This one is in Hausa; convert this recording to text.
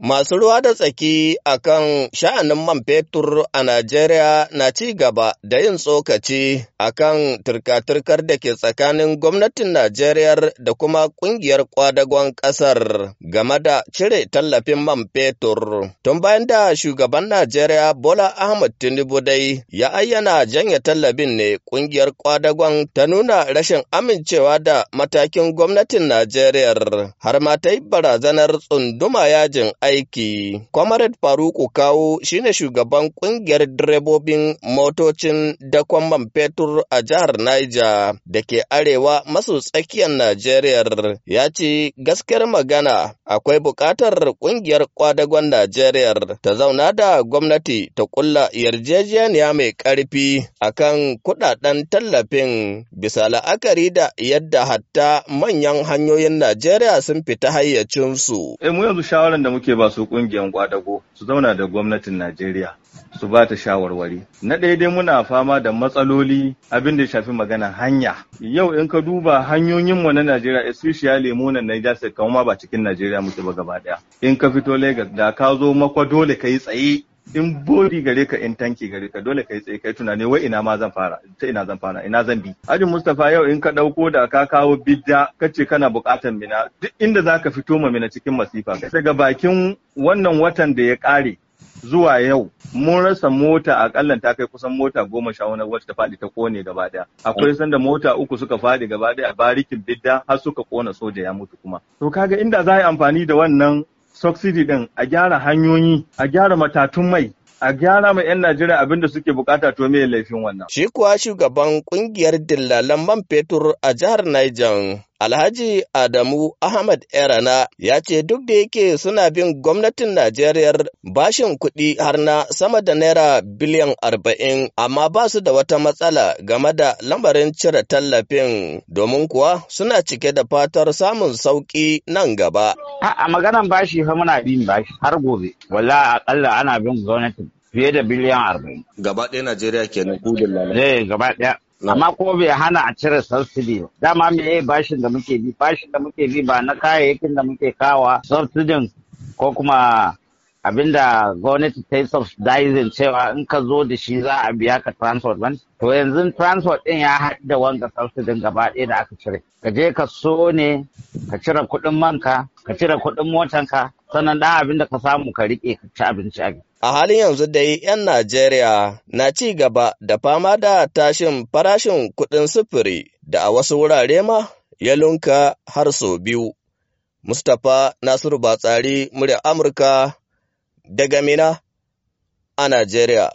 Masu ruwa da tsaki a kan sha'anin man fetur a Najeriya na ci gaba da yin tsokaci a kan turka-turkar da ke tsakanin gwamnatin Najeriya da kuma ƙungiyar kwadagon ƙasar game da cire tallafin man fetur. Tun bayan da shugaban Najeriya Bola Ahmad Tinubu dai ya ayyana janye tallafin ne ƙungiyar kwadagon ta nuna rashin amincewa da matakin gwamnatin Najeriya har ma ta yi barazanar tsunduma yajin aiki. Comrade Faruku Kawo shine shugaban ƙungiyar direbobin motocin dakon man fetur a jihar Niger da ke arewa masu tsakiyar Najeriya ya ce gaskiyar magana akwai buƙatar ƙungiyar kwadagon Najeriya ta zauna da gwamnati ta kulla yarjejeniya mai ƙarfi akan kudaden tallafin bisa la'akari da yadda hatta manyan hanyoyin Najeriya sun fita hayyacinsu. E, mu yanzu shawaran da muke ba su ƙungiyar kwadago su zauna da gwamnatin Najeriya su ba ta shawarwari. Na ɗaya dai muna fama da matsaloli abin da shafi magana hanya. Yau in ka duba hanyoyin mu na Najeriya especially mu na Niger State kamar ma ba cikin Najeriya muke ba gaba ɗaya. In ka fito Lagos da ka zo makwa dole ka yi tsaye in bori gare ka in tanki gare ka dole kai tsaye kai tunani wai ina ma zan fara ta ina zan fara ina zan bi ajin Mustapha yau in ka ɗauko da ka kawo bidda kace kana bukatan mina duk inda zaka fito ma mina cikin masifa daga bakin wannan watan da ya kare zuwa yau mun rasa mota akalla ta kai kusan mota goma sha wani wacce ta faɗi ta kone gaba daya akwai sanda mota uku suka faɗi gaba daya barikin bidda har suka kona soja ya mutu kuma to kaga inda za a yi amfani da wannan subsidy din a gyara hanyoyi a gyara matatun mai a gyara ma 'yan Najeriya abin da suke bukata to me laifin wannan. Shi kuwa shugaban kungiyar dillalan man fetur a jihar Niger, Alhaji Adamu Ahmad Erana ya ce duk da yake suna bin gwamnatin Najeriya bashin kuɗi har na sama da naira biliyan arba'in amma ba su da wata matsala game da lambarin cire tallafin domin kuwa suna cike da fatar samun sauƙi nan gaba. A maganan bashi fa muna bin bashi har gobe wala akalla ana bin gwamnatin fiye da biliyan arba'in. Gaba ɗaya Najeriya kenan Eh gaba ɗaya. amma ko bai hana a cire subsidy dama me yayi bashin da muke bi bashin da muke bi ba na kayayyakin da muke kawa subsidy ko kuma abinda gwamnati ta yi subsidizing cewa in ka zo da shi za a biya ka transport ban to yanzu transport din ya haɗu da wanga subsidy gaba ɗaya da aka cire ka je ka so ne ka cire kuɗin manka ka cire kuɗin motanka sannan ɗan abin da ka samu ka riƙe ka ci abinci a A halin yanzu dai 'yan Najeriya na ci gaba da fama da tashin farashin kuɗin sufuri da a wasu wurare ma ya lunka har sau biyu. Mustapha Nasiru Batsari, murya Amurka, daga Mina a Najeriya.